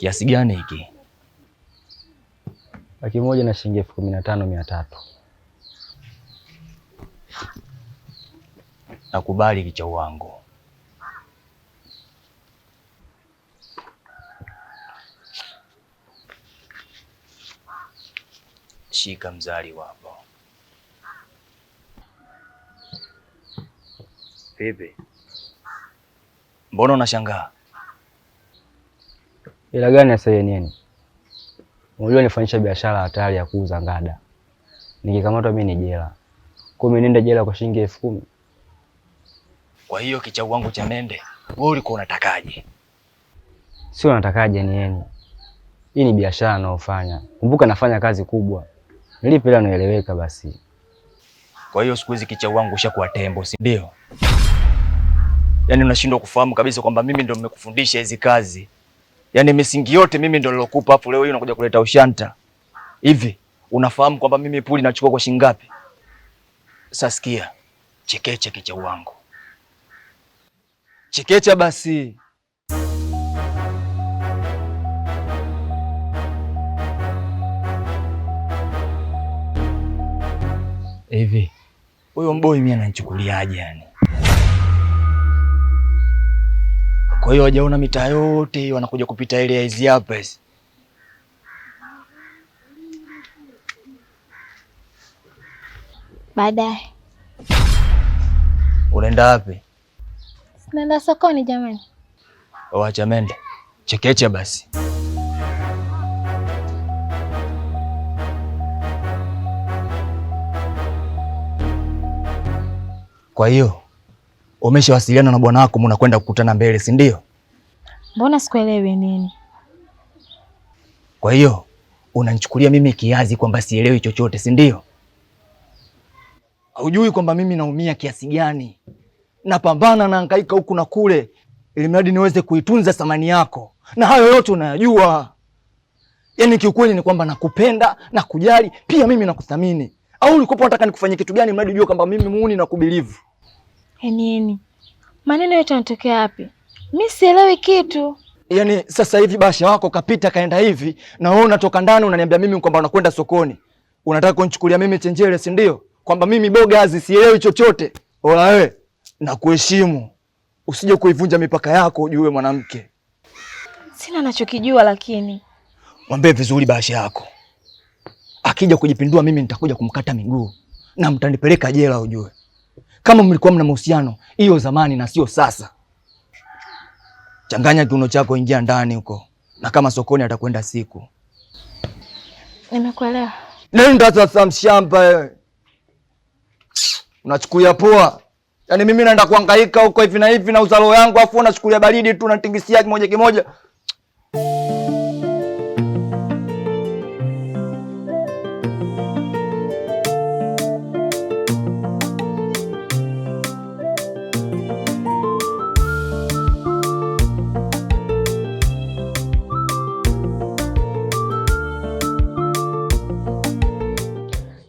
Kiasi gani hiki? Laki moja na shilingi elfu kumi na tano mia tatu. Nakubali kicha wangu. Shika mzali wapo. Vipi? Mbona unashangaa? Ila gani sasa yenyewe? Unajua nifanyisha biashara hatari ya kuuza ngada. Nikikamatwa mimi ni jela. Kumi mimi nenda jela kwa shilingi elfu kumi. Kwa hiyo kichau wangu cha nende, wewe ulikuwa unatakaje? Sio unatakaje ni yenu. Hii ni biashara naofanya. Kumbuka nafanya kazi kubwa. Nilipe ila naeleweka basi. Kwa hiyo siku hizi kichau wangu ushakuwa tembo, si ndio? Yaani unashindwa kufahamu kabisa kwamba mimi ndio nimekufundisha hizi kazi. Yaani misingi yote mimi ndio nilokupa, afu leo hii unakuja kuleta ushanta. Hivi unafahamu kwamba mimi puli nachukua kwa shilingi ngapi? Sasikia. Chekecha kicha wangu, chekecha basi. Hivi huyo mboi mimi ananichukuliaje yani? Kwa hiyo wajaona mitaa yote wanakuja kupita ile ya hizi hapa hizi. Baadaye unaenda wapi? Naenda sokoni jamani. Wacha mende Chekecha basi. Kwa hiyo umeshawasiliana na bwana wako, mnakwenda kukutana mbele, si ndio? Mbona sikuelewi nini? Kwa hiyo unanichukulia mimi kiazi kwamba sielewi chochote, si ndio? Hujui kwamba mimi naumia kiasi gani, napambana na hangaika huku na kule, ili mradi niweze kuitunza thamani yako, na hayo yote unayajua. Yaani kiukweli ni kwamba nakupenda na kujali, pia mimi nakuthamini. Au ulikopo nataka nikufanyie kitu gani, mradi ujue kwamba mimi muuni na kubilivu Yaani maneno yote yanatokea wapi? Mi sielewi kitu. Yaani sasa hivi Basha wako kapita kaenda hivi, na wewe unatoka ndani unaniambia mimi kwamba unakwenda sokoni, unataka kunichukulia mimi chenjele, si ndio? Kwamba mimi bogazi sielewi chochote. Ola wewe, nakuheshimu, usije kuivunja mipaka yako, ujue mwanamke sina nachokijua, lakini mwambie vizuri Basha yako, akija kujipindua mimi nitakuja kumkata miguu na mtanipeleka jela, ujue kama mlikuwa mna mahusiano, hiyo zamani na sio sasa. Changanya kiuno chako, ingia ndani huko, na kama sokoni atakwenda siku. Nimekuelewa. Nenda sasa, mshamba unachukulia poa. Yaani mimi naenda kuangaika huko hivi na hivi na uzalo yangu, afu unachukulia baridi tu, natingisia kimoja kimoja.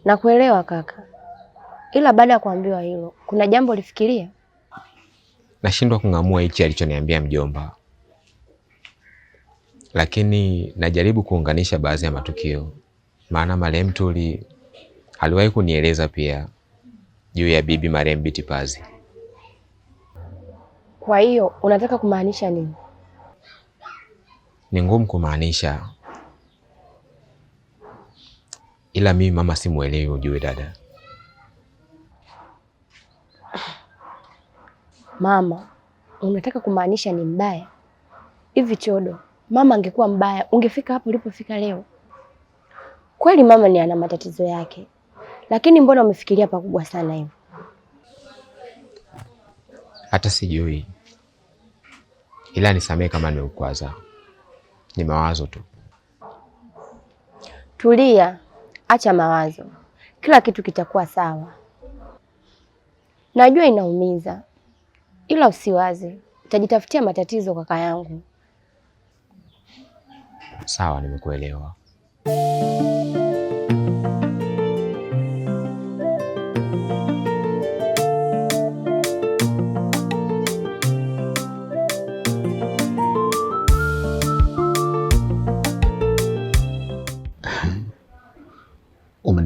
Nakuelewa kaka, ila baada ya kuambiwa hilo, kuna jambo lifikiria? Nashindwa kung'amua hichi alichoniambia mjomba, lakini najaribu kuunganisha baadhi ya matukio, maana marehemu Tuli aliwahi kunieleza pia juu ya bibi marehemu Biti Pazi. Kwa hiyo unataka kumaanisha nini? Ni ngumu kumaanisha ila mimi mama simuelewi, ujue dada. Mama, unataka kumaanisha ni mbaya hivi? Chodo, mama angekuwa mbaya ungefika hapo ulipofika leo? Kweli mama ni ana matatizo yake, lakini mbona umefikiria pakubwa sana hivyo? Hata sijui, ila nisamehe kama nimekukwaza, ni mawazo tu. Tulia, Acha mawazo, kila kitu kitakuwa sawa. Najua inaumiza, ila usiwaze, utajitafutia matatizo kaka yangu. Sawa, nimekuelewa.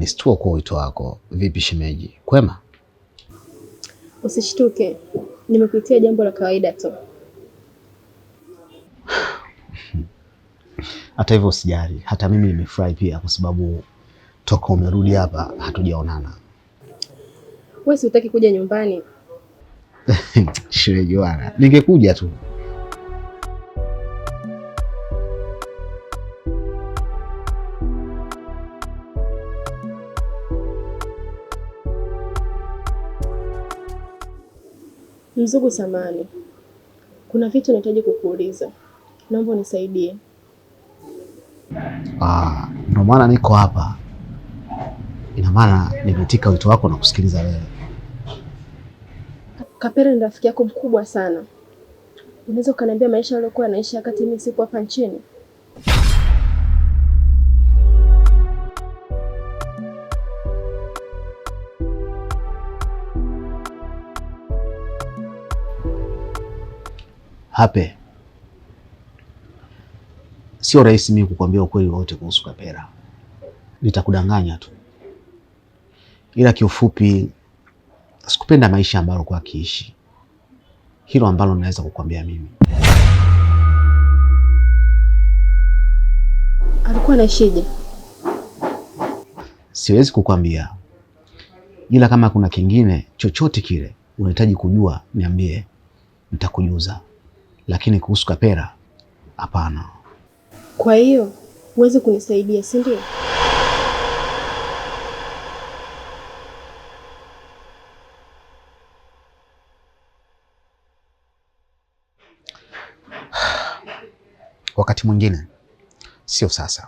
nilishtua kwa wito wako. Vipi shemeji, kwema? Usishtuke, nimepitia jambo la kawaida tu. Hata hivyo usijali, hata mimi nimefurahi pia, kwa sababu toka umerudi hapa hatujaonana. Wewe si utaki kuja nyumbani? Shemeji, wala ningekuja tu Mzugu, samani kuna vitu nahitaji kukuuliza, naomba unisaidie. Ah, ndio maana niko hapa. Ina maana nimetika wito wako na kusikiliza wewe. Kapere ni rafiki yako mkubwa sana, unaweza ukaniambia maisha aliokuwa anaishi wakati mimi sipo hapa nchini? Hape, sio rahisi mimi kukwambia ukweli wote kuhusu Kapera, nitakudanganya tu, ila kiufupi, sikupenda maisha ambayo kwa kiishi, hilo ambalo naweza kukwambia mimi. Alikuwa na shida, siwezi kukwambia, ila kama kuna kingine chochote kile unahitaji kujua, niambie, nitakujuza lakini kuhusu Kapera hapana. Kwa hiyo huwezi kunisaidia, si ndio? Wakati mwingine, sio sasa.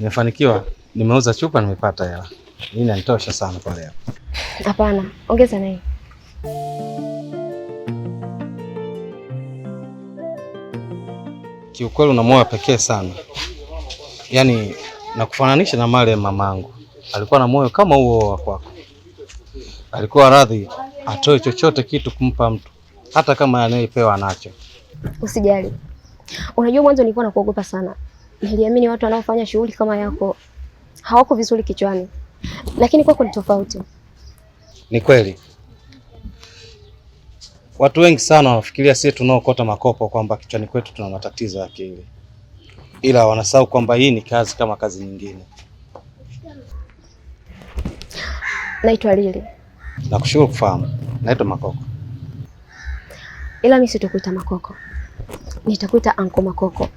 Nimefanikiwa, nimeuza chupa, nimepata hela. Hii inanitosha sana kwa leo. Hapana, ongeza na Kiukweli una moyo pekee sana, yaani nakufananisha na male mamangu. Alikuwa na moyo kama huo wa kwako, alikuwa radhi atoe chochote kitu kumpa mtu, hata kama anayepewa anacho. Usijali, unajua mwanzo nilikuwa nakuogopa sana niliamini watu wanaofanya shughuli kama yako hawako vizuri kichwani, lakini kwako ni tofauti. Ni kweli watu wengi sana wanafikiria sisi tunaokota makopo kwamba kichwani kwetu tuna matatizo ya akili, ila wanasahau kwamba hii ni kazi kama kazi nyingine. Naitwa Lili. Nakushukuru kufahamu. Naitwa Makoko, ila mimi sitokuita Makoko, nitakuita Anko Makoko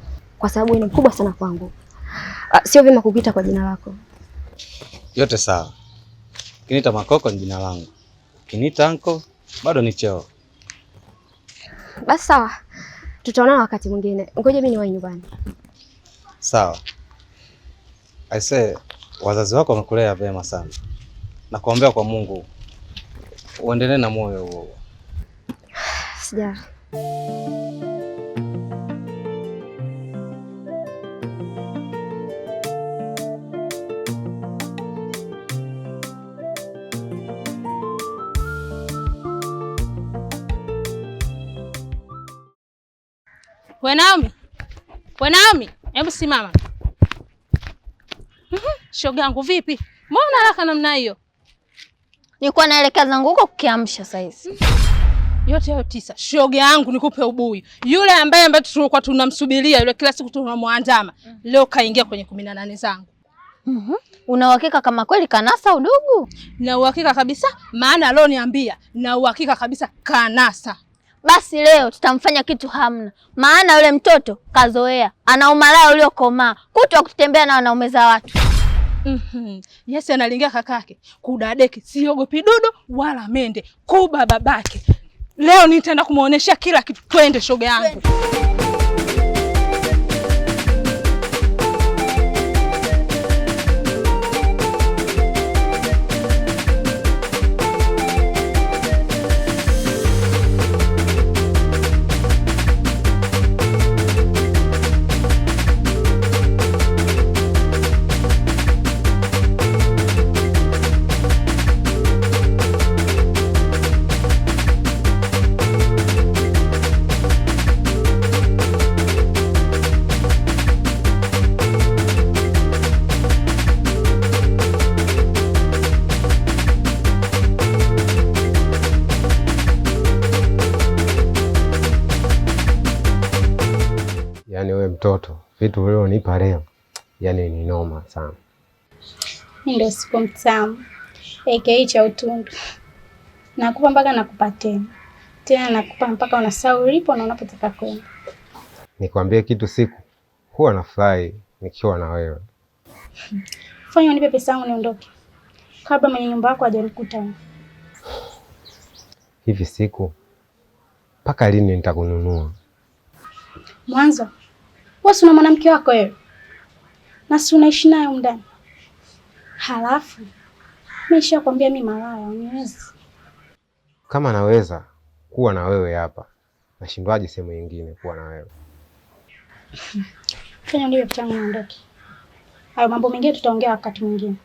kwa sababu ni mkubwa sana kwangu. Ah, sio vyema kukuita kwa jina lako. Yote sawa. Kinita Makoko ni jina langu. Kinita anko bado ni cheo. Basi sawa, tutaonana wakati mwingine. Ngoja mimi niwahi nyumbani. Sawa. Aise, wazazi wako wamekulea vyema sana. Nakuombea kwa Mungu uendelee na moyo huo. Sijali. We Naomi, we Naomi, hebu simama. Mhm, shoga yangu vipi? Mbona haraka namna hiyo? Nilikuwa naelekea zangu huko kukiamsha saa hizi. Yote hayo tisa, shoga yangu nikupe ubuyu. Yule ambaye ambaye tulikuwa tunamsubiria yule, kila siku tunamwandama, mm. leo kaingia kwenye kumi na nane zangu. Mhm. Una uhakika kama kweli kanasa udugu? Na uhakika kabisa, maana leo niambia, na uhakika kabisa kanasa basi leo tutamfanya kitu hamna, maana yule mtoto kazoea, ana umalaya uliokomaa, kutwa kutembea na wanaume za watu. Mhm. yesi analingia kakake kudadeki, siogopi dudu wala mende, kuba babake. Leo nitaenda kumwonyesha kila kitu. Twende shoga yangu. mtoto vitu nipa leo, yani ni noma sana. Ndio siku mtamu eke cha utundu, nakupa mpaka nakupa tena tena, nakupa mpaka unasahau ulipo na unapotaka kwenda. Nikwambie kitu, siku huwa nafurahi nikiwa na wewe. Fanya unipe pesa yangu niondoke, kabla mwenye nyumba yako hajanikuta. Hivi siku, mpaka lini nitakununua? Mwanzo wewe una mwanamke wako wewe, na si unaishi naye ndani. Halafu nimesha kwambia mimi malaya niwezi. Kama naweza kuwa na wewe hapa, nashindwaje sehemu nyingine kuwa na wewe? Fanya ndio changu, niondoke. Hayo mambo mengine tutaongea wakati mwingine.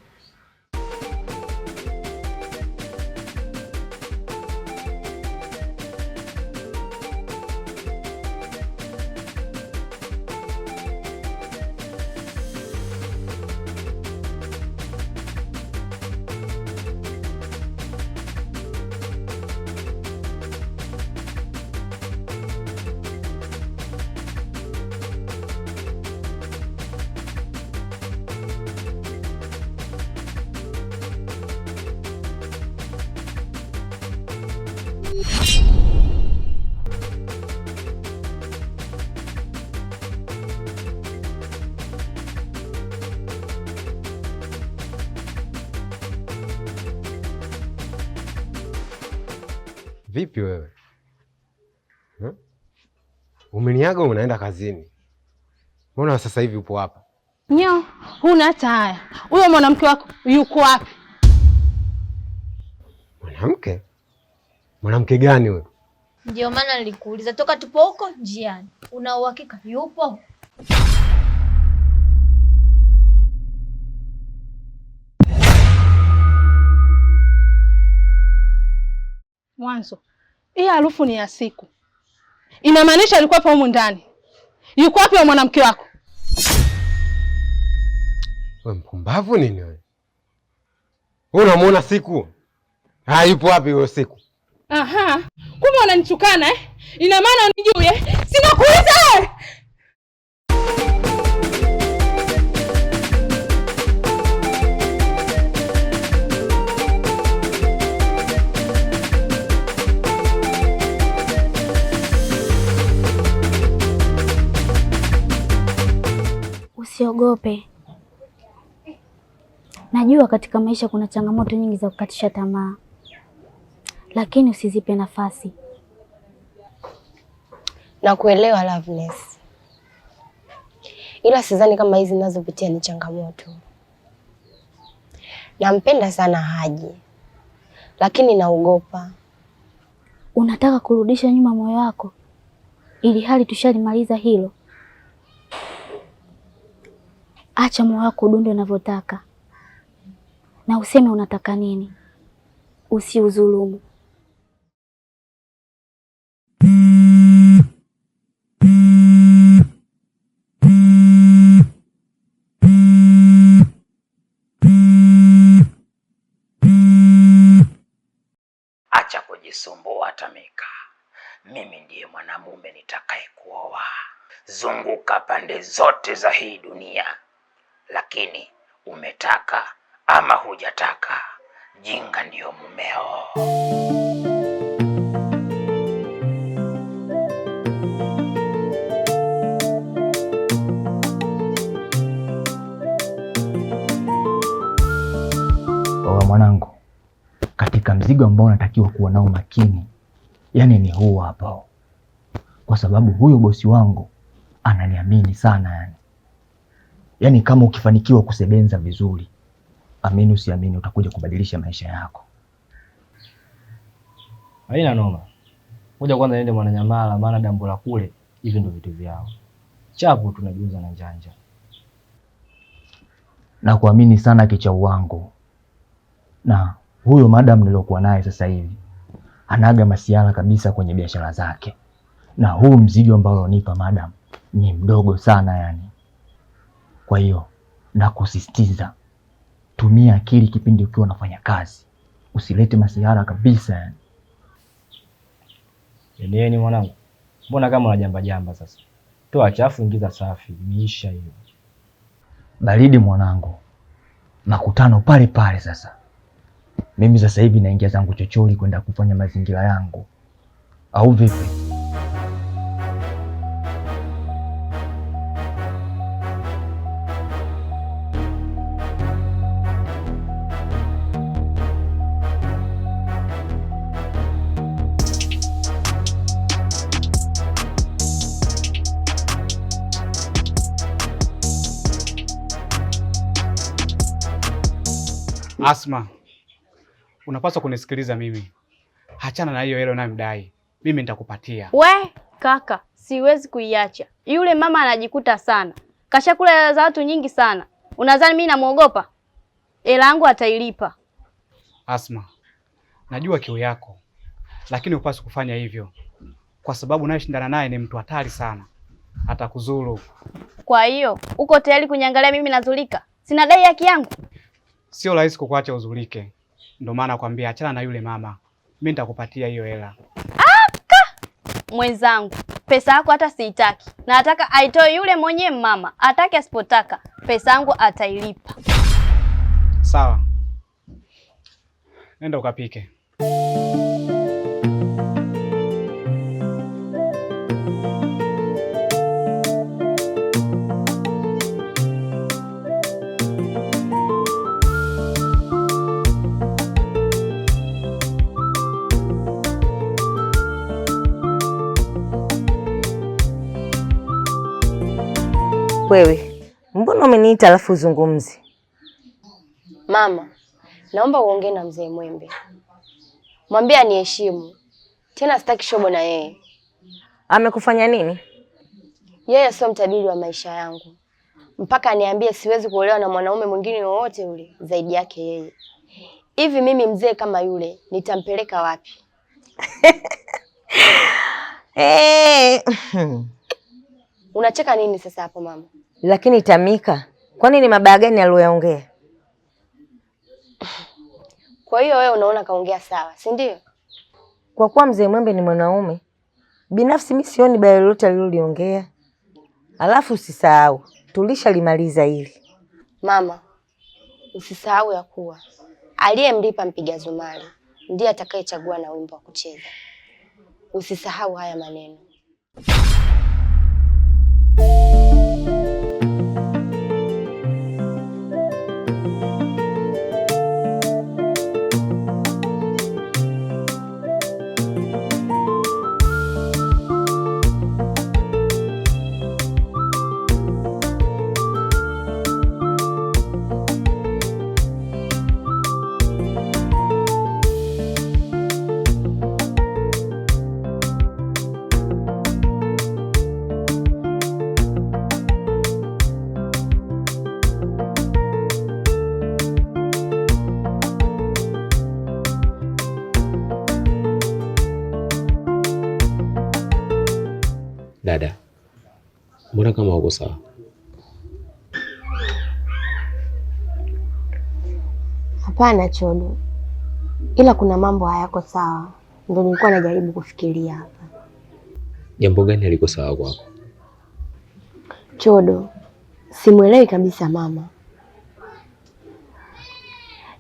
Vipi wewe hmm? Umeniaga unaenda kazini, mbona sasa hivi upo hapa nyo? Huna hata haya. Huyo mwanamke wako yuko wapi? Mwanamke Mwanamke gani huyo? Ndio maana nilikuuliza toka tupo huko njiani, una uhakika yupo? Mwanzo hii harufu ni ya siku, inamaanisha alikuwapo humu ndani. Yuko wapi mwanamke wako? We mpumbavu nini wewe? Wewe unamuona siku? Hayupo ah, wapi huyo siku? Aha, kumbe unanichukana eh? Ina maana unijui eh? Sina kuuliza. Usiogope, najua katika maisha kuna changamoto nyingi za kukatisha tamaa lakini usizipe nafasi. Nakuelewa Loveness, ila sidhani kama hizi ninazopitia ni changamoto. Nampenda sana Haji, lakini naogopa. Unataka kurudisha nyuma moyo wako, ili hali tushalimaliza hilo. Acha moyo wako udunde unavyotaka, na useme unataka nini, usiuzulumu. Acha kujisumbua Tamika, mimi ndiye mwanamume nitakaye kuoa. Zunguka pande zote za hii dunia, lakini umetaka ama hujataka, jinga ndiyo mumeo. katika mzigo ambao unatakiwa kuwa nao makini, yaani ni huu hapa, kwa sababu huyo bosi wangu ananiamini sana yani. Yaani kama ukifanikiwa kusebenza vizuri, amini usiamini, utakuja kubadilisha maisha yako. Haina noma, moja kwanza niende Mwananyamala, maana dambo la kule, hivi ndio vitu vyao chapo, tunajuza na njanja. Nakuamini sana kichau wangu na huyo madam niliokuwa naye sasa hivi anaga masiala kabisa kwenye biashara zake, na huu mzigo ambao unanipa madam ni mdogo sana yani. Kwa hiyo nakusisitiza, tumia akili kipindi ukiwa unafanya kazi, usilete masiara kabisa yani. Eleni mwanangu, mbona kama unajamba jamba sasa? Toa chafu ingiza safi, imeisha hiyo baridi mwanangu. Makutano pale pale sasa. Mimi sasa hivi naingia zangu chocholi kwenda kufanya mazingira yangu, au vipi? Asma unapaswa kunisikiliza mimi. Hachana na hiyo hela unayomdai, mimi nitakupatia. We kaka, siwezi kuiacha. Yule mama anajikuta sana, kashakula hela za watu nyingi sana. Unadhani mimi namwogopa? Hela yangu atailipa. Asma, najua kiu yako, lakini hupaswi kufanya hivyo, kwa sababu unayeshindana naye ni mtu hatari sana, atakuzuru. Kwa hiyo uko tayari kunyangalia mimi nazulika? Sina dai haki yangu? Sio rahisi kukuacha uzulike ndio maana nakwambia achana na yule mama, mimi nitakupatia hiyo hela. aka Mwenzangu, pesa yako hata siitaki, nataka aitoe yule mwenye mama, atake asipotaka, pesa yangu atailipa. Sawa, nenda ukapike. Wewe mbona umeniita alafu uzungumzi? Mama, naomba uongee na mzee Mwembe, mwambie aniheshimu tena, sitaki shobo na yeye. Amekufanya nini? Yeye sio mtabiri wa maisha yangu, mpaka aniambie siwezi kuolewa na mwanaume mwingine wowote ule zaidi yake yeye. Hivi mimi mzee kama yule nitampeleka wapi? Hey. Eh, hmm. Unacheka nini sasa hapo mama? Lakini Tamika, kwani ni mabaya gani aliyoyaongea? Kwa hiyo wewe unaona kaongea sawa, si ndio? Kwa kuwa mzee Mwembe ni mwanaume, binafsi mi sioni baya lolote aliloliongea. Alafu usisahau tulishalimaliza hili mama, usisahau ya kuwa aliyemlipa mpiga zumari ndiye atakayechagua na wimbo wa kucheza. Usisahau haya maneno. makosa. Hapana Chodo, ila kuna mambo hayako sawa, ndio nilikuwa najaribu kufikiria hapa. Jambo gani aliko sawa kwako Chodo? Simwelewi kabisa mama,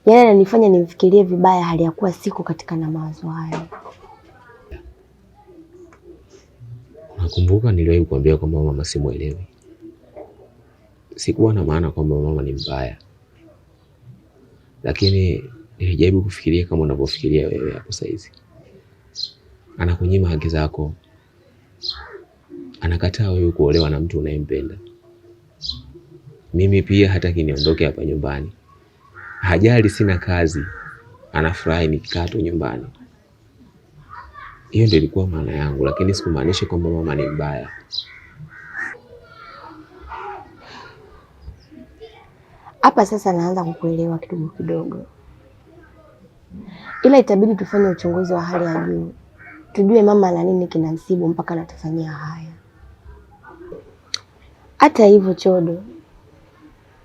yaani ananifanya nimfikirie vibaya, hali ya kuwa siko katika na mawazo hayo. Nakumbuka niliwahi kukuambia kwamba mama simwelewi sikuwa na maana kwamba mama ni mbaya, lakini nilijaribu kufikiria kama unavyofikiria wewe hapo saizi. Anakunyima haki zako, anakataa wewe kuolewa na mtu unayempenda. Mimi pia hataki niondoke hapa nyumbani, hajali sina kazi, anafurahi nikikaa tu nyumbani. Hiyo ndio ilikuwa maana yangu, lakini sikumaanisha kwamba mama ni mbaya. Hapa sasa naanza kukuelewa kidogo kidogo, ila itabidi tufanye uchunguzi wa hali ya juu, tujue mama na nini kinamsibu mpaka anatufanyia haya. Hata hivyo, Chodo,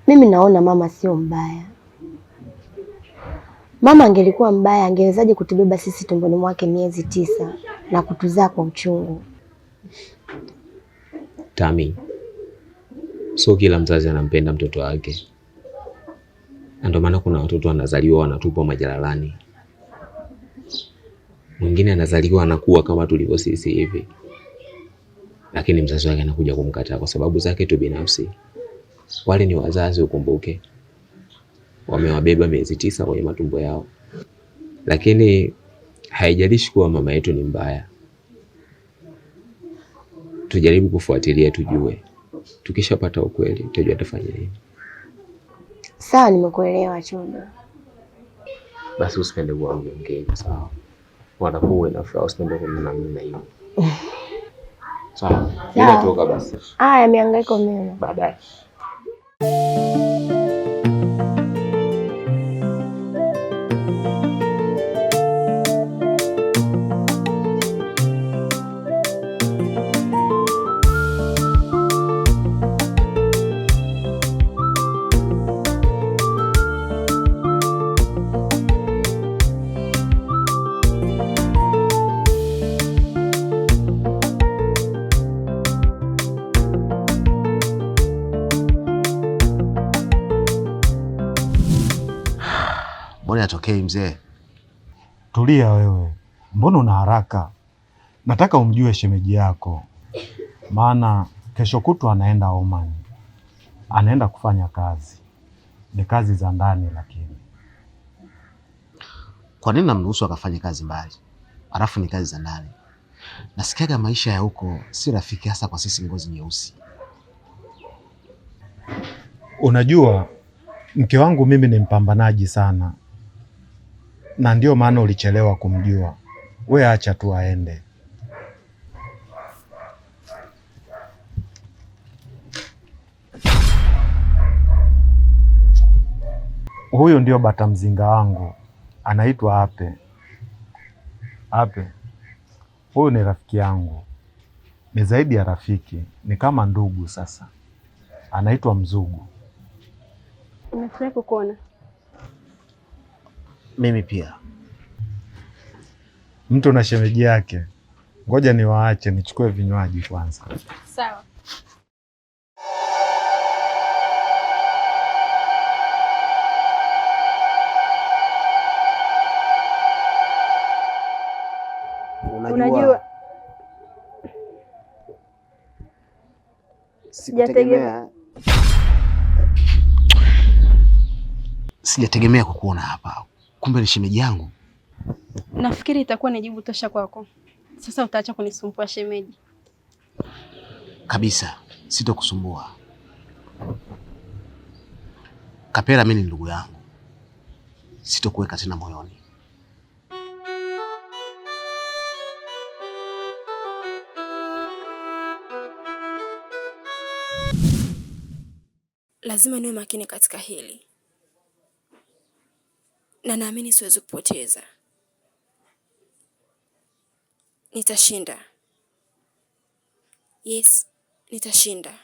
mimi naona mama sio mbaya. Mama angelikuwa mbaya, angewezaje kutubeba sisi tumboni mwake miezi tisa na kutuzaa kwa uchungu? Tami, so kila mzazi anampenda mtoto wake na ndio maana kuna watoto wanazaliwa wanatupwa majalalani, mwingine anazaliwa anakuwa kama tulivyo sisi hivi, lakini mzazi wake anakuja kumkataa kwa sababu zake tu binafsi. Wale ni wazazi, ukumbuke, wamewabeba miezi tisa kwenye matumbo yao. Lakini haijalishi kuwa mama yetu ni mbaya, tujaribu kufuatilia, tujue. Tukishapata ukweli tutajua tufanye nini. Sawa, nimekuelewa Chuma. Basi usipende kuwa mjongei, sawa? Watakuwa uwe na furaha, usipende kuwa na mimi na hiyo. Sawa. toka basi. Haya, mihangaiko mimi. Baadaye. mzee. Tulia wewe, mbona una haraka? Nataka umjue shemeji yako, maana kesho kutwa anaenda Oman, anaenda kufanya kazi, ni kazi za ndani. Lakini kwa nini namruhusu akafanye kazi mbali, alafu ni kazi za ndani? Nasikiaga maisha ya huko si rafiki, hasa kwa sisi ngozi nyeusi. Unajua mke wangu mimi ni mpambanaji sana na ndio maana ulichelewa kumjua. We acha tu aende. Huyu ndio bata mzinga wangu, anaitwa Ape. Ape huyu ni rafiki yangu, ni zaidi ya rafiki, ni kama ndugu. Sasa anaitwa Mzugu. Nimefurahi kukuona mimi pia. Mtu na shemeji yake. Ngoja niwaache nichukue vinywaji kwanza. Sawa. Unajua sijategemea, sijategemea kukuona hapa kumbe ni shemeji yangu. Nafikiri itakuwa ni jibu tosha kwako. Sasa utaacha kunisumbua shemeji. Kabisa, sitokusumbua Kapera. Mimi ni ndugu yangu, sitokuweka tena moyoni. Lazima niwe makini katika hili na naamini siwezi kupoteza. Nitashinda. Yes, nitashinda.